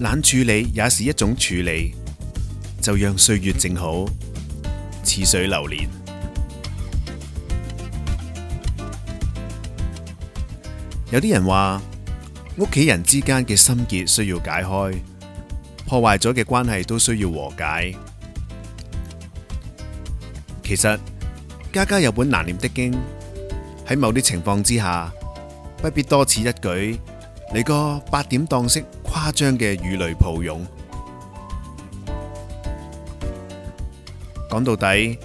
冷處理也是一種處理，就讓歲月靜好，似水流年。有啲人話，屋企人之間嘅心結需要解開，破壞咗嘅關係都需要和解。其實，家家有本難念的經，喺某啲情況之下，不必多此一舉。嚟個八點檔式誇張嘅與淚抱擁，講到底，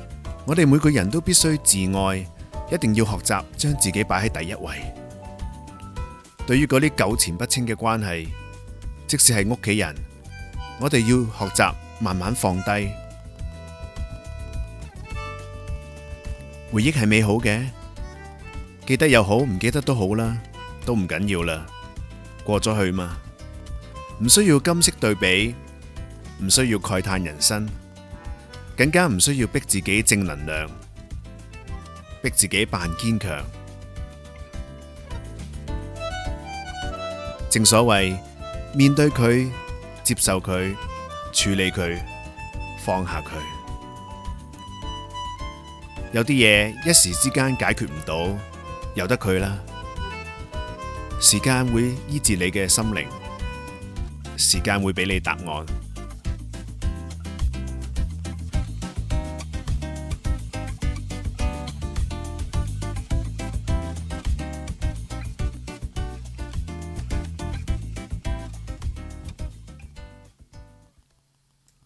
我哋每個人都必須自愛，一定要學習將自己擺喺第一位。對於嗰啲糾纏不清嘅關係，即使係屋企人，我哋要學習慢慢放低。回憶係美好嘅，記得又好，唔記得都好啦，都唔緊要啦。過咗去嘛，唔需要今昔對比，唔需要慨嘆人生，更加唔需要逼自己正能量，逼自己扮堅強。正所謂，面對佢，接受佢，處理佢，放下佢。有啲嘢一時之間解決唔到，由得佢啦。時間會醫治你嘅心靈，時間會畀你答案。